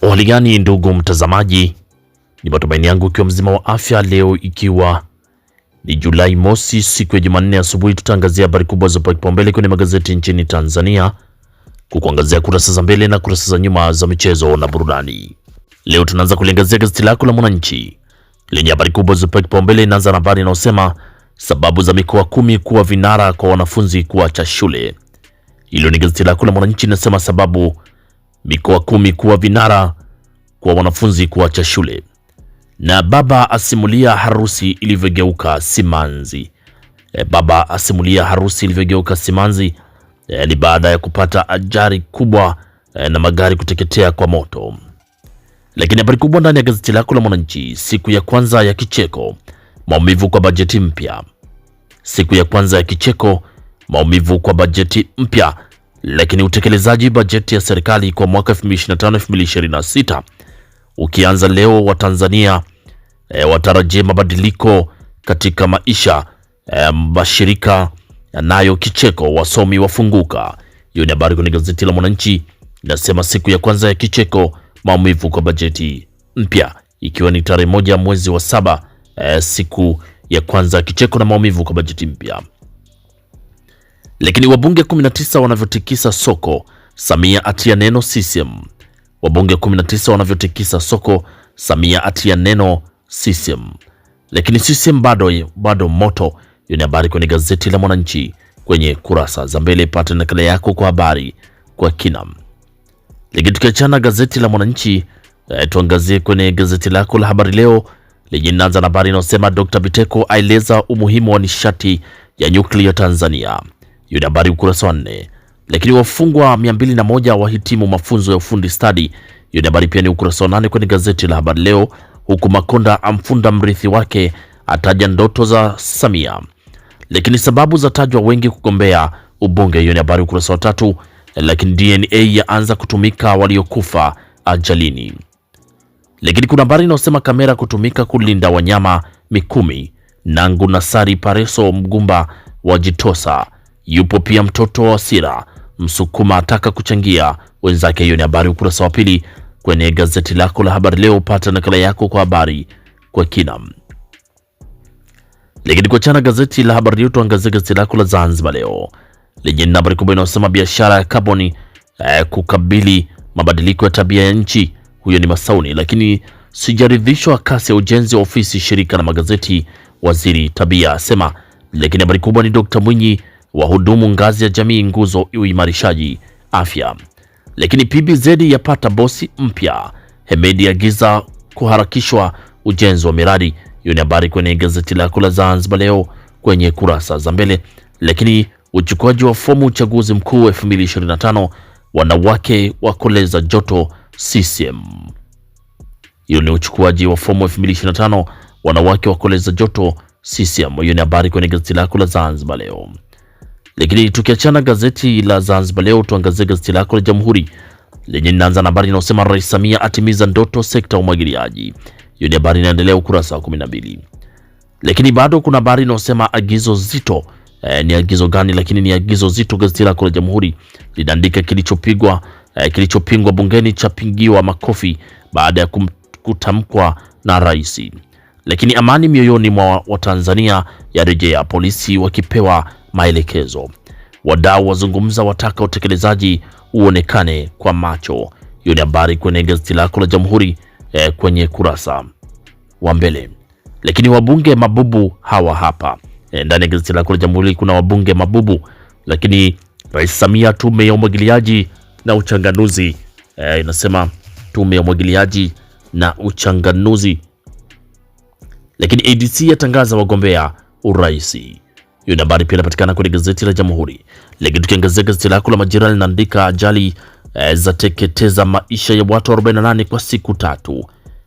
Hali gani ndugu mtazamaji, ni matumaini yangu ikiwa mzima wa afya. Leo ikiwa ni Julai mosi, siku ya Jumanne asubuhi, tutaangazia habari kubwa zopewa kipaumbele kwenye magazeti nchini Tanzania, kukuangazia kurasa za mbele na kurasa za nyuma za michezo na burudani. Leo tunaanza kuliangazia gazeti lako la Mwananchi lenye habari kubwa zopewa kipaumbele. Inaanza na habari inayosema sababu za mikoa kumi kuwa vinara kwa wanafunzi kuacha shule. Hilo ni gazeti lako la Mwananchi, inasema sababu mikoa kumi kuwa vinara kwa wanafunzi kuacha shule, na baba asimulia harusi ilivyogeuka simanzi. E, baba asimulia harusi ilivyogeuka simanzi e, ni baada ya kupata ajali kubwa e, na magari kuteketea kwa moto. Lakini habari kubwa ndani ya gazeti lako la Mwananchi, siku ya kwanza ya kicheko, maumivu kwa bajeti mpya. Siku ya kwanza ya kicheko, maumivu kwa bajeti mpya lakini utekelezaji bajeti ya serikali kwa mwaka 2025-2026 ukianza leo, Watanzania e, watarajie mabadiliko katika maisha e, mashirika nayo kicheko, wasomi wafunguka. Hiyo ni habari kwenye gazeti la Mwananchi, inasema siku ya kwanza ya kicheko, maumivu kwa bajeti mpya, ikiwa ni tarehe moja mwezi wa saba e, siku ya kwanza ya kicheko na maumivu kwa bajeti mpya. Lakini wabunge 19 wanavyotikisa soko, Samia atia neno CCM. Wabunge 19 wanavyotikisa soko, Samia atia neno CCM. Lakini CCM bado, bado moto. Hiyo ni habari kwenye gazeti la Mwananchi kwenye kurasa za mbele. Pata nakala yako kwa habari kwa kina. Lakini tukiachana gazeti la Mwananchi, eh, tuangazie kwenye gazeti lako la Habari Leo lenye inaanza na habari inayosema Dr. Biteko aeleza umuhimu wa nishati ya nyuklia Tanzania. Hiyo ni habari ukurasa wa nne. Lakini wafungwa 201 wahitimu mafunzo ya ufundi stadi. Hiyo ni habari pia ni ukurasa wa nane kwenye gazeti la habari leo, huku Makonda amfunda mrithi wake, ataja ndoto za Samia, lakini sababu za tajwa wengi kugombea ubunge. Hiyo ni habari ukurasa wa tatu. Lakini DNA yaanza kutumika waliokufa ajalini. Lakini kuna habari inayosema kamera kutumika kulinda wanyama Mikumi. Nangu Nasari Pareso Mgumba wajitosa Yupo pia mtoto wa Wasira Msukuma ataka kuchangia wenzake. Hiyo ni habari ukurasa wa pili kwenye gazeti lako la habari leo, pata nakala yako kwa habari kwa kina. Lakini kwa chana gazeti la habari leo, tuangazie gazeti lako la Zanzibar leo lenye habari kubwa inayosema biashara ya kaboni eh, kukabili mabadiliko ya tabia ya nchi. Huyo ni Masauni. Lakini sijaridhishwa kasi ya ujenzi wa ofisi shirika la magazeti, waziri tabia asema. Lakini habari kubwa ni Dr Mwinyi wahudumu ngazi ya jamii, nguzo uimarishaji afya. Lakini PBZ yapata bosi mpya, Hemedi agiza kuharakishwa ujenzi wa miradi. Hiyo ni habari kwenye gazeti lako la Zanzibar Leo kwenye kurasa za mbele. Lakini uchukuaji wa fomu uchaguzi mkuu 2025 wanawake wakoleza joto CCM. Hiyo ni uchukuaji wa fomu 2025 wanawake wakoleza joto CCM. Hiyo ni habari kwenye gazeti lako la Zanzibar Leo. Lakini tukiachana gazeti la Zanzibar Leo, tuangazie gazeti lako la Jamhuri lenye linaanza na habari inayosema Rais Samia atimiza ndoto sekta umwagiliaji. Hiyo ni habari inaendelea ukurasa wa 12, lakini bado kuna habari inayosema agizo zito. E, ni agizo gani? Lakini ni agizo zito. Gazeti lako la Jamhuri linaandika kilichopigwa e, kilichopingwa bungeni chapingiwa makofi baada ya kutamkwa na rais. Lakini amani mioyoni mwa Watanzania yarejea, polisi wakipewa maelekezo. Wadau wazungumza, wataka utekelezaji uonekane kwa macho. Hiyo ni habari kwenye gazeti lako la Jamhuri eh, kwenye kurasa wa mbele. Lakini wabunge mabubu hawa hapa eh, ndani ya gazeti lako la Jamhuri kuna wabunge mabubu. Lakini Rais Samia, tume ya umwagiliaji na uchanganuzi eh, inasema tume ya umwagiliaji na uchanganuzi. Lakini ADC yatangaza wagombea uraisi hiyo habari pia inapatikana kwenye gazeti la Jamhuri. Lakini tukiangazia gazeti lako la Majira linaandika ajali e, teketeza maisha ya watu 48 kwa siku tatu.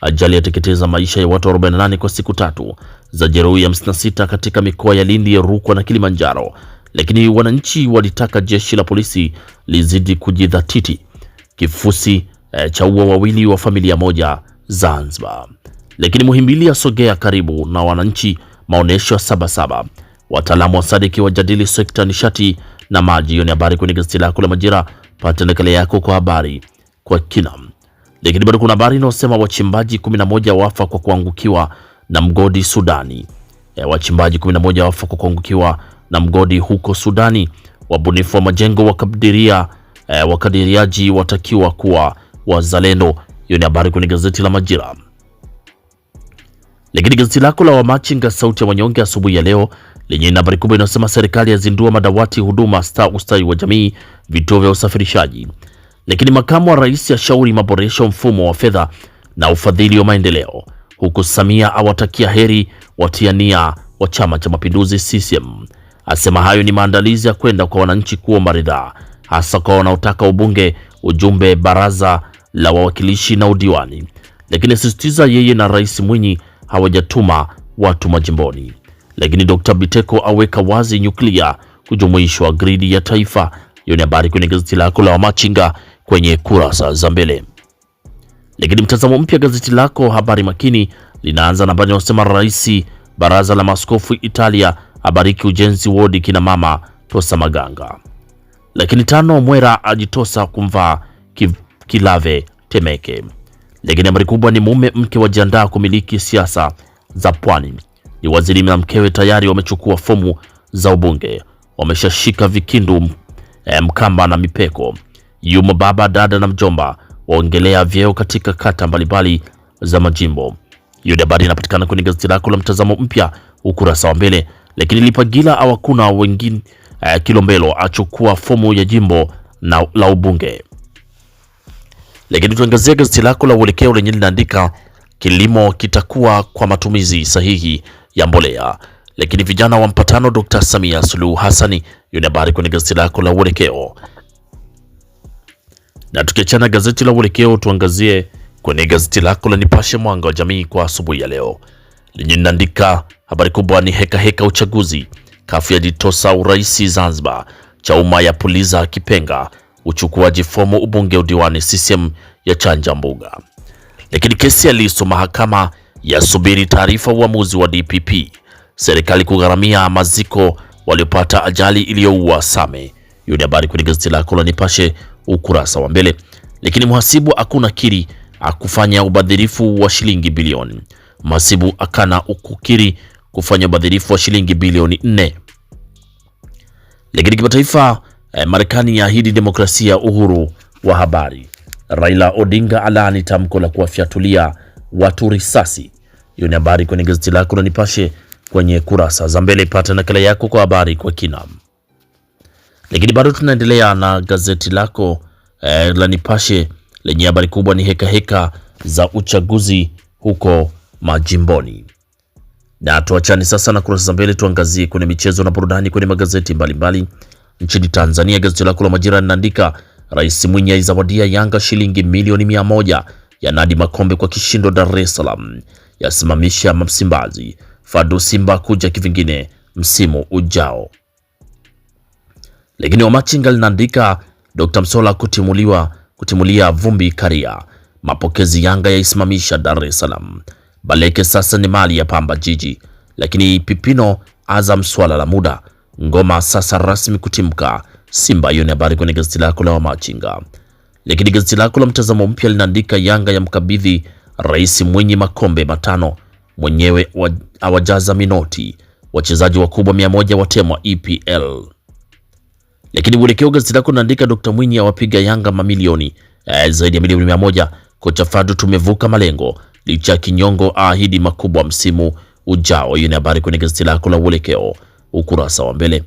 Ajali yateketeza maisha ya watu 48 kwa siku tatu, za jeruhi 56 katika mikoa ya Lindi, Rukwa na Kilimanjaro. Lakini wananchi walitaka jeshi la polisi lizidi kujidhatiti. Kifusi e, cha ua wawili wa familia moja Zanzibar. Lakini Muhimbili asogea karibu na wananchi, maonesho ya Sabasaba Wataalamu wa sadiki wajadili sekta nishati na maji. Hiyo ni habari kwenye gazeti lako la Majira, pata nakala yako kwa habari kwa kina. Lakini bado kuna habari inayosema wachimbaji 11 wafa kwa kuangukiwa na mgodi Sudani. E, wachimbaji 11 wafa kwa kuangukiwa na mgodi huko Sudani. Wabunifu wa majengo wakadiria e, eh, wakadiriaji watakiwa kuwa wazalendo. Hiyo ni habari kwenye gazeti la Majira. Lakini gazeti lako la Wamachinga sauti ya wanyonge asubuhi ya leo lenye nambari kubwa inayosema serikali yazindua madawati huduma sta ustawi wa jamii vituo vya usafirishaji. Lakini makamu wa rais ashauri maboresho mfumo wa fedha na ufadhili wa maendeleo, huku Samia awatakia heri watiania wa chama cha mapinduzi CCM. Asema hayo ni maandalizi ya kwenda kwa wananchi kuomba ridhaa, hasa kwa wanaotaka ubunge, ujumbe baraza la wawakilishi na udiwani, lakini asisitiza yeye na rais Mwinyi hawajatuma watu majimboni lakini Dr. Biteko aweka wazi nyuklia kujumuishwa gridi ya taifa. Hiyo ni habari kwenye gazeti lako la Wamachinga kwenye kurasa za mbele. Lakini mtazamo mpya gazeti lako habari makini linaanza na habari inasema rais baraza la maskofu Italia abariki ujenzi wodi kina mama tosa Maganga. Lakini tano Mwera ajitosa kumvaa kilave Temeke. Lakini habari kubwa ni mume mke wajiandaa kumiliki siasa za pwani ni waziri na mkewe tayari wamechukua fomu za ubunge, wameshashika vikindu eh, mkamba na mipeko. Yumo baba, dada na mjomba waongelea vyeo katika kata mbalimbali za majimbo. Hiyo ni habari inapatikana kwenye gazeti lako la Mtazamo Mpya ukurasa wa mbele. Lakini Lipagila awakuna wengine eh, Kilombelo achukua fomu ya jimbo na, la ubunge. Lakini tuangazia gazeti lako la Uelekeo lenye linaandika kilimo kitakuwa kwa matumizi sahihi ya mbolea. Lakini vijana wa mpatano Dr. Samia Suluhu Hassani, hiyo ni habari kwenye gazeti lako la Uelekeo. Na tukiachana gazeti la Uelekeo, tuangazie kwenye gazeti lako la Nipashe Mwanga wa Jamii kwa asubuhi ya leo lenye linaandika habari kubwa ni heka heka uchaguzi, kafu yajitosa uraisi Zanzibar, umma ya puliza kipenga, uchukuaji fomu ubunge udiwani CCM ya chanja mbuga. Lakini kesi ya Lissu mahakama yasubiri taarifa uamuzi wa DPP. Serikali kugharamia maziko waliopata ajali iliyoua Same. Hiyo ni habari kwenye gazeti lako la Nipashe ukurasa wa mbele. Lakini mhasibu akuna kiri akufanya ubadhirifu wa shilingi bilioni. Mhasibu akana ukukiri kufanya ubadhirifu wa shilingi bilioni nne. Lakini kimataifa, eh, Marekani yaahidi demokrasia, uhuru wa habari. Raila Odinga alaani tamko la kuwafyatulia watu risasi. Hiyo ni habari kwenye gazeti lako la Nipashe kwenye kurasa za mbele. Pata nakala yako kwa habari kwa kina. Lakini bado tunaendelea na gazeti lako eh, la Nipashe lenye habari kubwa ni heka heka za uchaguzi huko majimboni. Na tuachane sasa na kurasa za mbele, tuangazie kwenye michezo na burudani kwenye magazeti mbalimbali mbali. Nchini Tanzania, gazeti lako la Majira linaandika Rais Mwinyi aizawadia Yanga shilingi milioni mia moja yanadi makombe kwa kishindo Dar es Salaam, yasimamisha Msimbazi. Fadu Simba kuja kivingine msimu ujao. Lakini Wamachinga linaandika Dr. Msola kutimuliwa kutimulia vumbi Karia. Mapokezi Yanga yaisimamisha Dar es Salaam. Baleke sasa ni mali ya Pamba Jiji. Lakini Pipino Azam swala la muda. Ngoma sasa rasmi kutimka. Simba, hiyo ni habari kwenye gazeti lako la Wamachinga. Lakini gazeti lako la Mtazamo Mpya linaandika Yanga ya mkabidhi Rais Mwinyi makombe matano, mwenyewe awajaza minoti, wachezaji wakubwa mia moja watemwa EPL. Lakini mwelekeo gazeti lako linaandika Dr Mwinyi awapiga Yanga mamilioni eh, zaidi ya milioni mia moja. Kocha Fadu, tumevuka malengo licha ya kinyongo, ahidi makubwa msimu ujao. Hiyo ni habari kwenye gazeti lako la mwelekeo ukurasa wa mbele.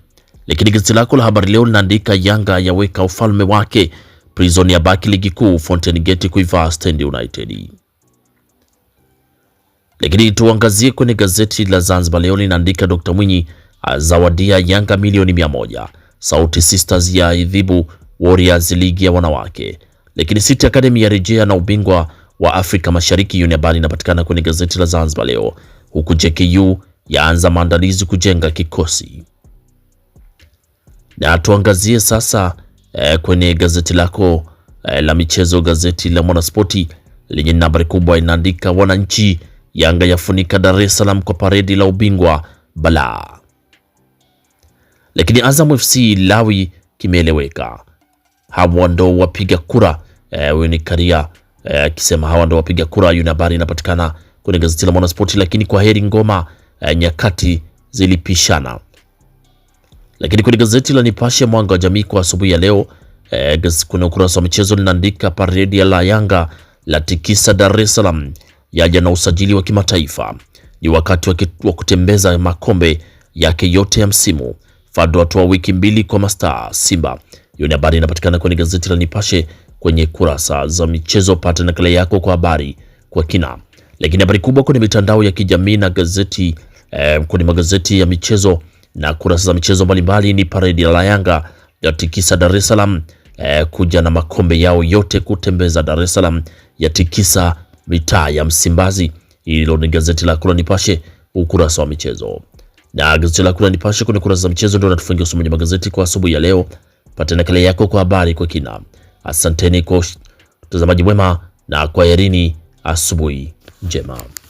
Lakini gazeti lako la Habari Leo linaandika Yanga yaweka ufalme wake Prison ya baki ligi kuu Fountain Gate kuivaa Stand United. Lakini tuangazie kwenye gazeti la Zanzibar Leo linaandika Dr. Mwinyi azawadia Yanga milioni mia moja. Sauti Sisters ya idhibu Warriors ligi ya wanawake. Lakini City Academy ya rejea na ubingwa wa Afrika Mashariki. Hiyo habari inapatikana kwenye gazeti la Zanzibar Leo, huku JKU yaanza maandalizi kujenga kikosi. Na tuangazie sasa eh, kwenye gazeti lako eh, la michezo, gazeti la Mwanaspoti lenye nambari kubwa inaandika wananchi, Yanga yafunika Dar es Salaam kwa paredi la ubingwa bala. lakini Azam FC Lawi kimeeleweka, hawa ndo wapiga kura eh, huyu. Eh, ni Karia eh, akisema eh, hawa ndo wapiga kura. Hiyo habari inapatikana kwenye gazeti la Mwanaspoti. Lakini kwa heri ngoma eh, nyakati zilipishana lakini kwenye gazeti la Nipashe mwanga wa jamii kwa asubuhi ya leo eh, kuna ukurasa wa michezo linaandika paredi ya la Yanga la tikisa Dar es Salaam yaja na usajili wa kimataifa, ni wakati wa kutembeza makombe yake yote ya msimu, Fado atoa wiki mbili kwa mastaa Simba. Hiyo ni habari inapatikana kwenye gazeti la Nipashe kwenye kurasa za michezo. Pata nakala yako kwa habari kwa kina. Lakini habari kubwa kwenye mitandao ya kijamii na gazeti eh, kwenye magazeti ya michezo na kurasa za michezo mbalimbali ni paredi la Yanga yatikisa Dar es Salaam eh, kuja na makombe yao yote kutembeza Dar es Salaam yatikisa mitaa ya Msimbazi. Hilo ni gazeti la kura Nipashe ukurasa wa michezo, na gazeti la kura Nipashe kwenye kurasa za michezo ndio natufungia usomaji magazeti kwa asubuhi ya leo. Pata nakala yako kwa habari kwa kina. Asanteni kwa utazamaji mwema na kwaherini, asubuhi njema.